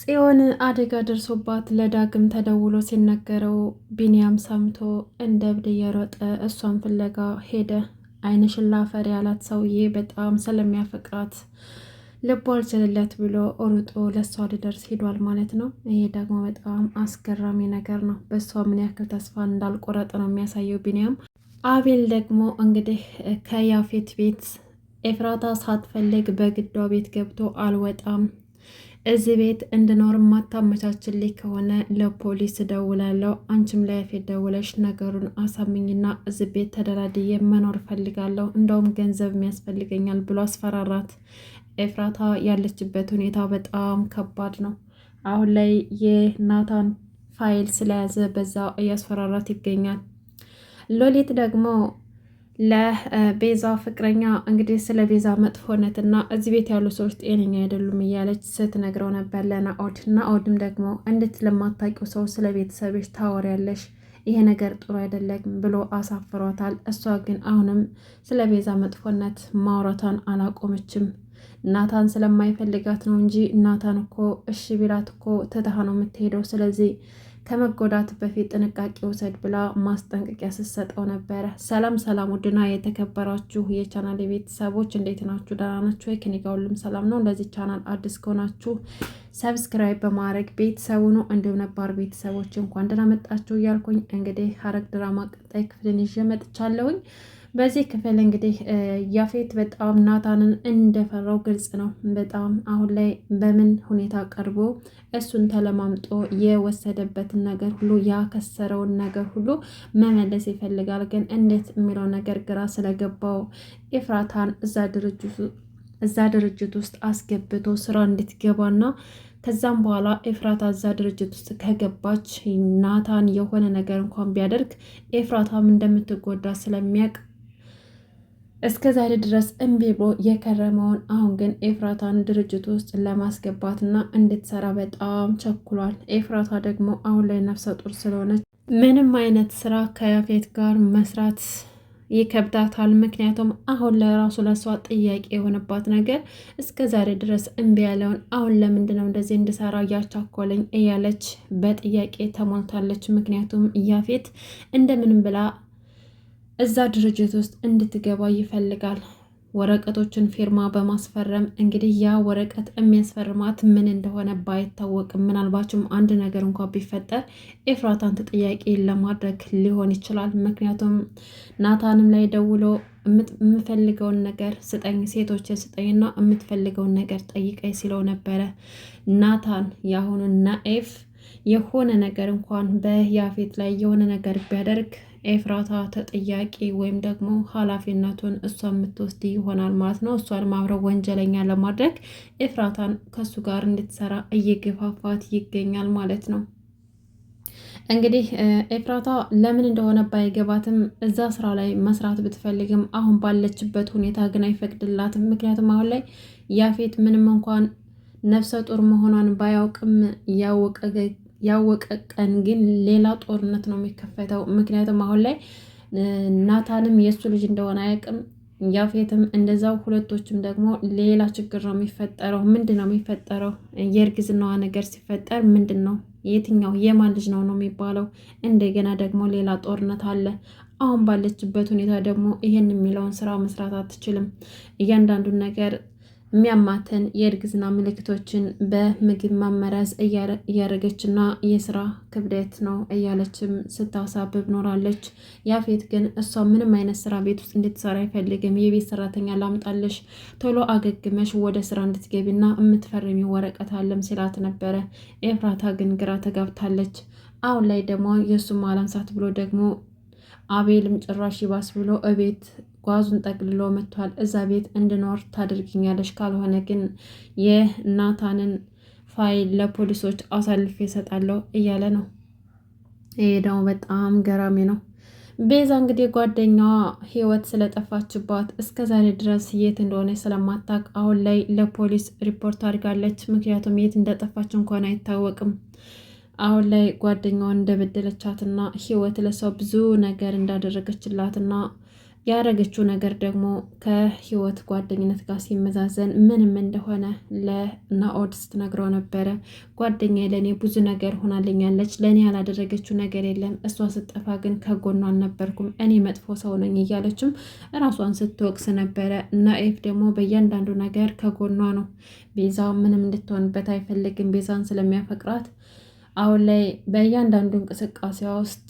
ጽዮን አደጋ ደርሶባት ለዳግም ተደውሎ ሲነገረው ቢንያም ሰምቶ እንደ እብድ እየሮጠ እሷን ፍለጋ ሄደ። ዓይንሽን ላፈር ያላት ሰውዬ በጣም ስለሚያፈቅራት ልቡ አልችልለት ብሎ ሩጦ ለእሷ ሊደርስ ሂዷል ማለት ነው። ይሄ ደግሞ በጣም አስገራሚ ነገር ነው። በእሷ ምን ያክል ተስፋ እንዳልቆረጠ ነው የሚያሳየው ቢንያም። አቤል ደግሞ እንግዲህ ከያፌት ቤት ኤፍራታ ሳትፈልግ በግዷ ቤት ገብቶ አልወጣም እዚህ ቤት እንድኖር ማታመቻችልኝ ከሆነ ለፖሊስ እደውላለሁ። አንቺም ለያፌት ደውለሽ ነገሩን አሳምኝና እዚህ ቤት ተደራድዬ መኖር ፈልጋለሁ እንደውም ገንዘብ ያስፈልገኛል ብሎ አስፈራራት። ኤፍራታ ያለችበት ሁኔታ በጣም ከባድ ነው። አሁን ላይ የናታን ፋይል ስለያዘ በዛ እያስፈራራት ይገኛል። ሎሊት ደግሞ ለቤዛ ፍቅረኛ እንግዲህ ስለ ቤዛ መጥፎነትና እዚህ ቤት ያሉ ሰዎች ጤነኛ አይደሉም እያለች ስትነግረው ነበር ለናኦድ። ናኦድም ደግሞ እንዴት ለማታውቂው ሰው ስለ ቤተሰብሽ ታወሪያለሽ? ይሄ ነገር ጥሩ አይደለም ብሎ አሳፍሯታል። እሷ ግን አሁንም ስለ ቤዛ መጥፎነት ማውራቷን አላቆመችም። ናታን ስለማይፈልጋት ነው እንጂ ናታን እኮ እሺ ቢላት እኮ ትታህ ነው የምትሄደው። ስለዚህ ከመጎዳት በፊት ጥንቃቄ ውሰድ ብላ ማስጠንቀቂያ ስትሰጠው ነበረ። ሰላም ሰላም፣ ውድና የተከበራችሁ የቻናል የቤተሰቦች እንዴት ናችሁ? ደህና ናችሁ ወይ? ከኔ ጋር ሁሉም ሰላም ነው። ለዚህ ቻናል አዲስ ከሆናችሁ ሰብስክራይብ በማድረግ ቤተሰቡ ነው። እንዲሁም ነባር ቤተሰቦች እንኳን ደህና መጣችሁ እያልኩኝ እንግዲህ ሐረግ ድራማ ቀጣይ ክፍልን ይዤ መጥቻለሁኝ። በዚህ ክፍል እንግዲህ ያፌት በጣም ናታንን እንደፈራው ግልጽ ነው። በጣም አሁን ላይ በምን ሁኔታ ቀርቦ እሱን ተለማምጦ የወሰደበትን ነገር ሁሉ ያከሰረውን ነገር ሁሉ መመለስ ይፈልጋል። ግን እንዴት የሚለው ነገር ግራ ስለገባው ኤፍራታን እዛ ድርጅት ውስጥ አስገብቶ ስራ እንድትገባና ከዛም በኋላ ኤፍራታ እዛ ድርጅት ውስጥ ከገባች ናታን የሆነ ነገር እንኳን ቢያደርግ ኤፍራታም እንደምትጎዳ ስለሚያውቅ እስከ ዛሬ ድረስ እምቢ ብሎ የከረመውን አሁን ግን ኤፍራታን ድርጅት ውስጥ ለማስገባትና እንድትሰራ በጣም ቸኩሏል። ኤፍራታ ደግሞ አሁን ላይ ነፍሰ ጡር ስለሆነች ምንም አይነት ስራ ከያፌት ጋር መስራት ይከብዳታል። ምክንያቱም አሁን ለራሱ ለሷ ጥያቄ የሆነባት ነገር እስከ ዛሬ ድረስ እምቢ ያለውን አሁን ለምንድነው እንደዚህ እንድሰራ እያቻኮለኝ እያለች በጥያቄ ተሞልታለች። ምክንያቱም ያፌት እንደምንም ብላ እዛ ድርጅት ውስጥ እንድትገባ ይፈልጋል። ወረቀቶችን ፊርማ በማስፈረም እንግዲህ ያ ወረቀት የሚያስፈርማት ምን እንደሆነ ባይታወቅም ምናልባችም አንድ ነገር እንኳ ቢፈጠር ኤፍራታን ተጠያቂ ለማድረግ ሊሆን ይችላል። ምክንያቱም ናታንም ላይ ደውሎ የምፈልገውን ነገር ስጠኝ፣ ሴቶች ስጠኝና የምትፈልገውን ነገር ጠይቀኝ ሲለው ነበረ። ናታን የአሁኑ ናኤፍ የሆነ ነገር እንኳን በያፌት ላይ የሆነ ነገር ቢያደርግ ኤፍራታ ተጠያቂ ወይም ደግሞ ኃላፊነቱን እሷ የምትወስድ ይሆናል ማለት ነው። እሷን አብረው ወንጀለኛ ለማድረግ ኤፍራታን ከሱ ጋር እንድትሰራ እየገፋፋት ይገኛል ማለት ነው። እንግዲህ ኤፍራታ ለምን እንደሆነ ባይገባትም እዛ ስራ ላይ መስራት ብትፈልግም አሁን ባለችበት ሁኔታ ግን አይፈቅድላትም። ምክንያቱም አሁን ላይ ያፌት ምንም እንኳን ነፍሰ ጡር መሆኗን ባያውቅም ያወቀ ያወቀ ቀን ግን ሌላ ጦርነት ነው የሚከፈተው። ምክንያቱም አሁን ላይ ናታንም የእሱ ልጅ እንደሆነ አያውቅም፣ ያፌትም እንደዛው። ሁለቶችም ደግሞ ሌላ ችግር ነው የሚፈጠረው። ምንድን ነው የሚፈጠረው? የእርግዝናዋ ነገር ሲፈጠር ምንድን ነው የትኛው የማን ልጅ ነው ነው የሚባለው? እንደገና ደግሞ ሌላ ጦርነት አለ። አሁን ባለችበት ሁኔታ ደግሞ ይሄን የሚለውን ስራ መስራት አትችልም። እያንዳንዱን ነገር የሚያማትን የእርግዝና ምልክቶችን በምግብ ማመረዝ እያደረገችና የስራ ክብደት ነው እያለችም ስታሳብብ ኖራለች። ያፌት ግን እሷ ምንም አይነት ስራ ቤት ውስጥ እንድትሰራ አይፈልግም። የቤት ሰራተኛ ላምጣለሽ፣ ቶሎ አገግመሽ ወደ ስራ እንድትገቢና የምትፈርሚ ወረቀት አለም ሲላት ነበረ። ኤፍራታ ግን ግራ ተጋብታለች። አሁን ላይ ደግሞ የእሱም አላንሳት ብሎ ደግሞ አቤልም ጭራሽ ይባስ ብሎ እቤት ጓዙን ጠቅልሎ መጥቷል። እዛ ቤት እንድኖር ታደርግኛለች፣ ካልሆነ ግን የናታንን ፋይል ለፖሊሶች አሳልፌ እሰጣለሁ እያለ ነው። ይሄ ደግሞ በጣም ገራሚ ነው። ቤዛ እንግዲህ ጓደኛዋ ህይወት ስለጠፋችባት እስከ ዛሬ ድረስ የት እንደሆነ ስለማታቅ አሁን ላይ ለፖሊስ ሪፖርት አድርጋለች። ምክንያቱም የት እንደጠፋች እንኳን አይታወቅም። አሁን ላይ ጓደኛዋን እንደበደለቻትና ህይወት ለሰው ብዙ ነገር እንዳደረገችላትና ያደረገችው ነገር ደግሞ ከህይወት ጓደኝነት ጋር ሲመዛዘን ምንም እንደሆነ ለናኦድ ስትነግረው ነበረ። ጓደኛ ለእኔ ብዙ ነገር ሆናልኛለች፣ ለእኔ ያላደረገችው ነገር የለም። እሷ ስጠፋ ግን ከጎኗ አልነበርኩም፣ እኔ መጥፎ ሰው ነኝ እያለችም እራሷን ስትወቅስ ነበረ። ናኤፍ ደግሞ በእያንዳንዱ ነገር ከጎኗ ነው። ቤዛ ምንም እንድትሆንበት አይፈልግም፣ ቤዛን ስለሚያፈቅራት አሁን ላይ በእያንዳንዱ እንቅስቃሴዋ ውስጥ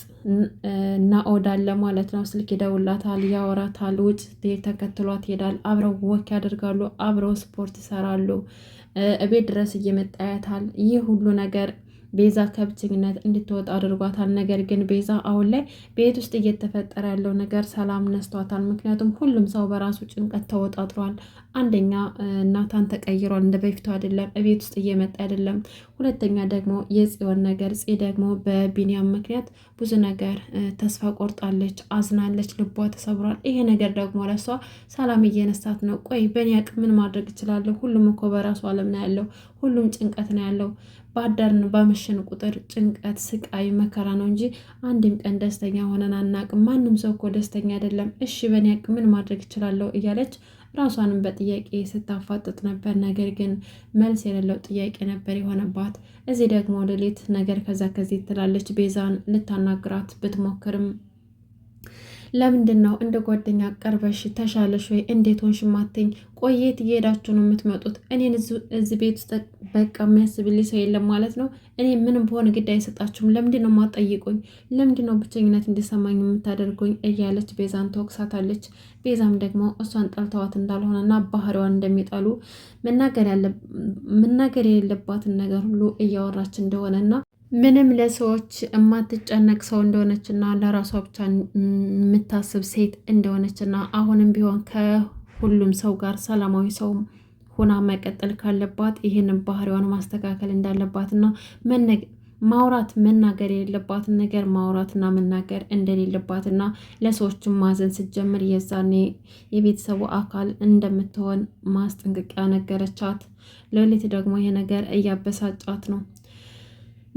እናኦዳለ ማለት ነው። ስልክ ይደውላታል፣ ያወራታል፣ ውጭ ተከትሏት ይሄዳል። አብረው ወክ ያደርጋሉ፣ አብረው ስፖርት ይሰራሉ፣ እቤት ድረስ እየመጣያታል። ይህ ሁሉ ነገር ቤዛ ከብቸኝነት እንድትወጣ አድርጓታል። ነገር ግን ቤዛ አሁን ላይ ቤት ውስጥ እየተፈጠረ ያለው ነገር ሰላም ነስቷታል። ምክንያቱም ሁሉም ሰው በራሱ ጭንቀት ተወጣጥሯል። አንደኛ እናታን ተቀይሯል፣ እንደ በፊቱ አይደለም፣ እቤት ውስጥ እየመጣ አይደለም። ሁለተኛ ደግሞ የጽዮን ነገር ጽ ደግሞ በቢንያም ምክንያት ብዙ ነገር ተስፋ ቆርጣለች፣ አዝናለች፣ ልቧ ተሰብሯል። ይሄ ነገር ደግሞ ለሷ ሰላም እየነሳት ነው። ቆይ በእኔ አቅም ምን ማድረግ እችላለሁ? ሁሉም እኮ በራሱ አለም ነው ያለው። ሁሉም ጭንቀት ነው ያለው ባዳርን ባመሸን ቁጥር ጭንቀት፣ ስቃይ፣ መከራ ነው እንጂ አንድም ቀን ደስተኛ ሆነን አናቅም። ማንም ሰው እኮ ደስተኛ አይደለም። እሺ በእኔ አቅም ምን ማድረግ እችላለሁ እያለች ራሷንም በጥያቄ ስታፋጥጥ ነበር። ነገር ግን መልስ የሌለው ጥያቄ ነበር የሆነባት። እዚህ ደግሞ ሌሊት ነገር ከዛ ከዚህ ትላለች። ቤዛን ልታናግራት ብትሞክርም ለምንድን ነው እንደ ጓደኛ ቀርበሽ ተሻለሽ ወይ እንዴት ሆንሽ ማትኝ? ቆየት እየሄዳችሁ ነው የምትመጡት? እኔን እዚህ ቤት ውስጥ በቃ የሚያስብልኝ ሰው የለም ማለት ነው። እኔ ምንም በሆነ ግድ አይሰጣችሁም። ለምንድን ነው ማጠይቁኝ? ለምንድን ነው ብቸኝነት እንዲሰማኝ የምታደርጉኝ? እያለች ቤዛን ተወቅሳታለች። ቤዛም ደግሞ እሷን ጠልተዋት እንዳልሆነና ባህሪዋን እንደሚጠሉ መናገር የሌለባትን ነገር ሁሉ እያወራች እንደሆነና ምንም ለሰዎች የማትጨነቅ ሰው እንደሆነች ና ለራሷ ብቻ የምታስብ ሴት እንደሆነች ና አሁንም ቢሆን ከሁሉም ሰው ጋር ሰላማዊ ሰው ሁና መቀጠል ካለባት ይህን ባህሪዋን ማስተካከል እንዳለባትና ማውራት መናገር የሌለባትን ነገር ማውራትና መናገር እንደሌለባትና ለሰዎችም ማዘን ስትጀምር የዛኔ የቤተሰቡ አካል እንደምትሆን ማስጠንቀቂያ ነገረቻት። ሌሊት ደግሞ ይሄ ነገር እያበሳጫት ነው።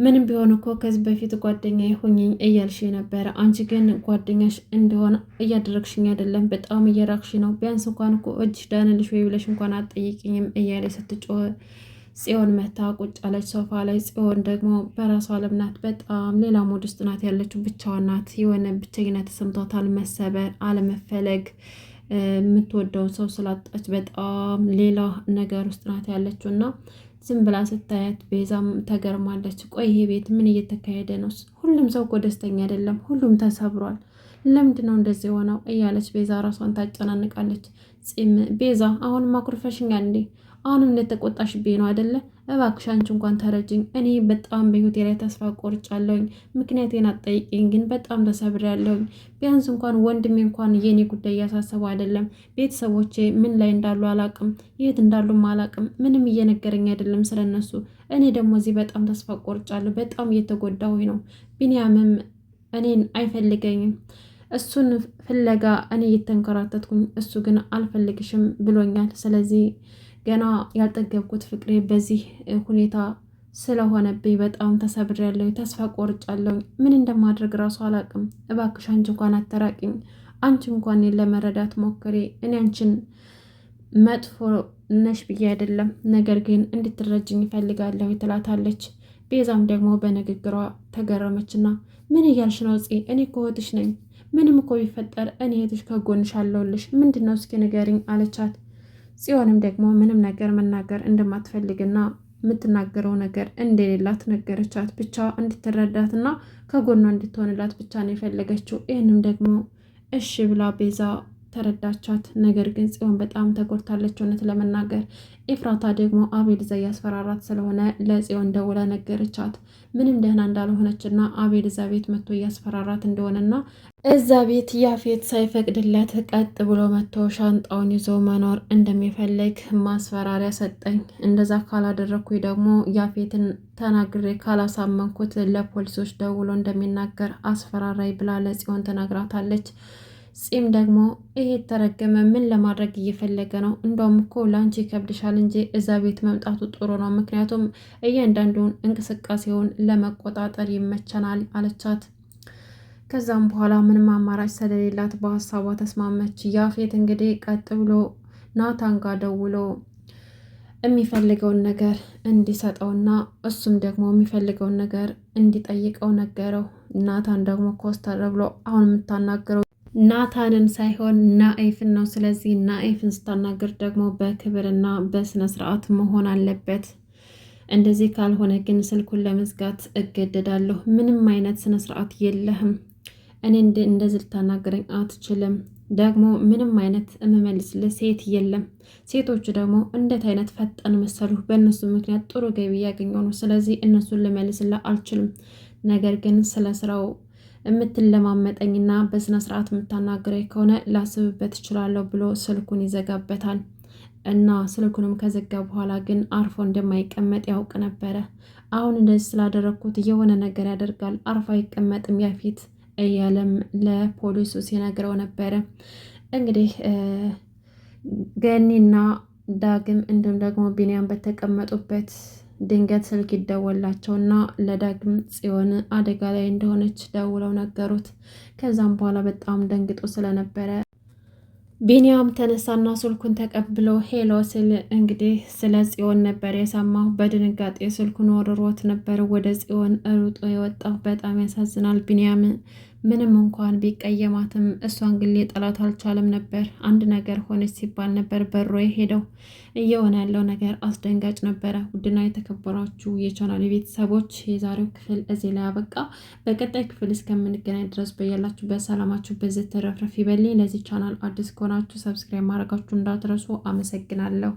ምንም ቢሆን እኮ ከዚህ በፊት ጓደኛ ሁኝኝ እያልሽ ነበረ። አንቺ ግን ጓደኛሽ እንደሆነ እያደረግሽኝ አይደለም፣ በጣም እየራክሽ ነው። ቢያንስ እንኳን እኮ እጅሽ ዳንልሽ ወይ ብለሽ እንኳን አጠይቅኝም እያለ ስትጮህ ጽዮን መታ ቁጭ አለች ሶፋ ላይ። ጽዮን ደግሞ በራሷ ዓለም ናት። በጣም ሌላ ሞድ ውስጥ ናት ያለችው። ብቻዋን ናት። የሆነ ብቸኝነት ተሰምቷታል። መሰበር፣ አለመፈለግ የምትወደውን ሰው ስላጣች በጣም ሌላ ነገር ውስጥ ናት ያለችው እና ዝም ብላ ስታያት ቤዛም ተገርማለች። ቆይ ይሄ ቤት ምን እየተካሄደ ነው? ሁሉም ሰው እኮ ደስተኛ አይደለም፣ ሁሉም ተሰብሯል። ለምንድን ነው እንደዚህ የሆነው? እያለች ቤዛ ራሷን ታጨናንቃለች። ፂም ቤዛ አሁንም አኩርፈሽኛል እንዴ? አሁንም እንደተቆጣሽብኝ ነው አይደለ? እባክሽ አንቺ እንኳን ተረጅኝ። እኔ በጣም በህይወቴ ላይ ተስፋ ቆርጫለሁኝ። ምክንያቴን አትጠይቂኝ፣ ግን በጣም ተሰብሬያለሁኝ። ቢያንስ እንኳን ወንድሜ እንኳን የእኔ ጉዳይ እያሳሰቡ አይደለም። ቤተሰቦቼ ምን ላይ እንዳሉ አላቅም፣ የት እንዳሉም አላቅም። ምንም እየነገረኝ አይደለም ስለነሱ። እኔ ደግሞ እዚህ በጣም ተስፋ ቆርጫለሁ። በጣም እየተጎዳሁኝ ነው። ቢንያምም እኔን አይፈልገኝም። እሱን ፍለጋ እኔ እየተንከራተትኩኝ፣ እሱ ግን አልፈልግሽም ብሎኛል። ስለዚህ ገና ያልጠገብኩት ፍቅሬ በዚህ ሁኔታ ስለሆነብኝ በጣም ተሰብሬያለሁ፣ ተስፋ ቆርጫለሁ። ምን እንደማድረግ እራሱ አላውቅም። እባክሽ አንቺ እንኳን አተራቂኝ፣ አንቺ እንኳን ለመረዳት ሞክሬ። እኔ አንቺን መጥፎ ነሽ ብዬ አይደለም፣ ነገር ግን እንድትረጅኝ ይፈልጋለሁ ትላታለች። ቤዛም ደግሞ በንግግሯ ተገረመችና ምን እያልሽ ነው ፅ? እኔ እኮ እህትሽ ነኝ። ምንም እኮ ቢፈጠር እኔ እህትሽ ከጎንሽ አለሁልሽ። ምንድን ነው እስኪ ንገሪኝ አለቻት። ጽዮንም ደግሞ ምንም ነገር መናገር እንደማትፈልግና የምትናገረው ነገር እንደሌላት ነገረቻት። ብቻ እንድትረዳትና ከጎኗ እንድትሆንላት ብቻ ነው የፈለገችው። ይህንም ደግሞ እሺ ብላ ቤዛ ተረዳቻት። ነገር ግን ጽዮን በጣም ተጎድታለች። እውነት ለመናገር ኤፍራታ ደግሞ አቤል እዛ እያስፈራራት ስለሆነ ለጽዮን ደውላ ነገረቻት። ምንም ደህና እንዳልሆነችና አቤል እዛ ቤት መጥቶ እያስፈራራት እንደሆነና እዛ ቤት ያፌት ሳይፈቅድለት ቀጥ ብሎ መጥቶ ሻንጣውን ይዞ መኖር እንደሚፈልግ ማስፈራሪያ ሰጠኝ። እንደዛ ካላደረግኩኝ ደግሞ ያፌትን ተናግሬ ካላሳመንኩት ለፖሊሶች ደውሎ እንደሚናገር አስፈራራይ ብላ ለጽዮን ተናግራታለች። ፂም ደግሞ ይሄ የተረገመ ምን ለማድረግ እየፈለገ ነው? እንደውም እኮ ለአንቺ ይከብድሻል እንጂ እዛ ቤት መምጣቱ ጥሩ ነው፣ ምክንያቱም እያንዳንዱን እንቅስቃሴውን ለመቆጣጠር ይመቸናል አለቻት። ከዛም በኋላ ምንም አማራጭ ስለሌላት በሀሳቧ ተስማመች። ያፌት እንግዲህ ቀጥ ብሎ ናታን ጋ ደውሎ የሚፈልገውን ነገር እንዲሰጠውና እሱም ደግሞ የሚፈልገውን ነገር እንዲጠይቀው ነገረው። ናታን ደግሞ ኮስተር ብሎ አሁን የምታናገረው ናታንን ሳይሆን ናኤፍን ነው። ስለዚህ ናኤፍን ስታናግር ደግሞ በክብርና በስነ ስርዓት መሆን አለበት። እንደዚህ ካልሆነ ግን ስልኩን ለመዝጋት እገደዳለሁ። ምንም አይነት ስነ ስርዓት የለህም። እኔ እንደዚህ ልታናግረኝ አትችልም። ደግሞ ምንም አይነት እምመልስልህ ሴት የለም። ሴቶቹ ደግሞ እንዴት አይነት ፈጣን መሰሉ። በእነሱ ምክንያት ጥሩ ገቢ እያገኘሁ ነው። ስለዚህ እነሱን ልመልስልህ አልችልም። ነገር ግን ስለ ስራው የምትለማመጠኝና በስነ ስርዓት የምታናግረኝ ከሆነ ላስብበት እችላለሁ ብሎ ስልኩን ይዘጋበታል። እና ስልኩንም ከዘጋ በኋላ ግን አርፎ እንደማይቀመጥ ያውቅ ነበረ። አሁን እንደዚህ ስላደረግኩት የሆነ ነገር ያደርጋል፣ አርፎ አይቀመጥም ያፊት እያለም ለፖሊሱ ሲነግረው ነበረ። እንግዲህ ገኒና ዳግም እንዲሁም ደግሞ ቢንያም በተቀመጡበት ድንገት ስልክ ይደወላቸውና ለዳግም ጽዮን አደጋ ላይ እንደሆነች ደውለው ነገሩት። ከዛም በኋላ በጣም ደንግጦ ስለነበረ ቢኒያም ተነሳና ስልኩን ተቀብሎ ሄሎ ስል እንግዲህ ስለ ጽዮን ነበር የሰማሁ በድንጋጤ ስልኩን ወርሮት ነበር ወደ ጽዮን ሩጦ የወጣው። በጣም ያሳዝናል ቢኒያም ምንም እንኳን ቢቀየማትም እሷን ግን ሊጠላት አልቻለም ነበር። አንድ ነገር ሆነች ሲባል ነበር በሮ ሄደው። እየሆነ ያለው ነገር አስደንጋጭ ነበረ። ውድና የተከበራችሁ የቻናል ቤተሰቦች የዛሬው ክፍል እዚህ ላይ አበቃ። በቀጣይ ክፍል እስከምንገናኝ ድረስ በያላችሁ በሰላማችሁ በዚህ ተረፍረፍ ይበልኝ። ለዚህ ቻናል አዲስ ከሆናችሁ ሰብስክራይብ ማድረጋችሁ እንዳትረሱ። አመሰግናለሁ።